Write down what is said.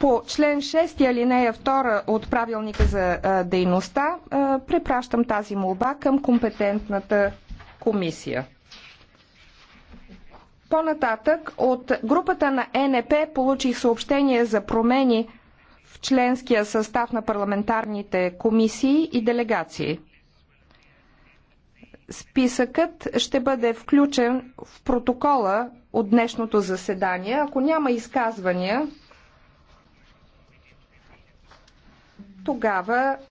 По член 6 алинея 2 от правилника за дейността препращам тази молба към компетентната комисия. По-нататък от групата на НП получих съобщение за промени в членския състав на парламентарните комисии и делегации. Списъкът ще бъде включен в протокола от днешното заседание. Ако няма изказвания, тогава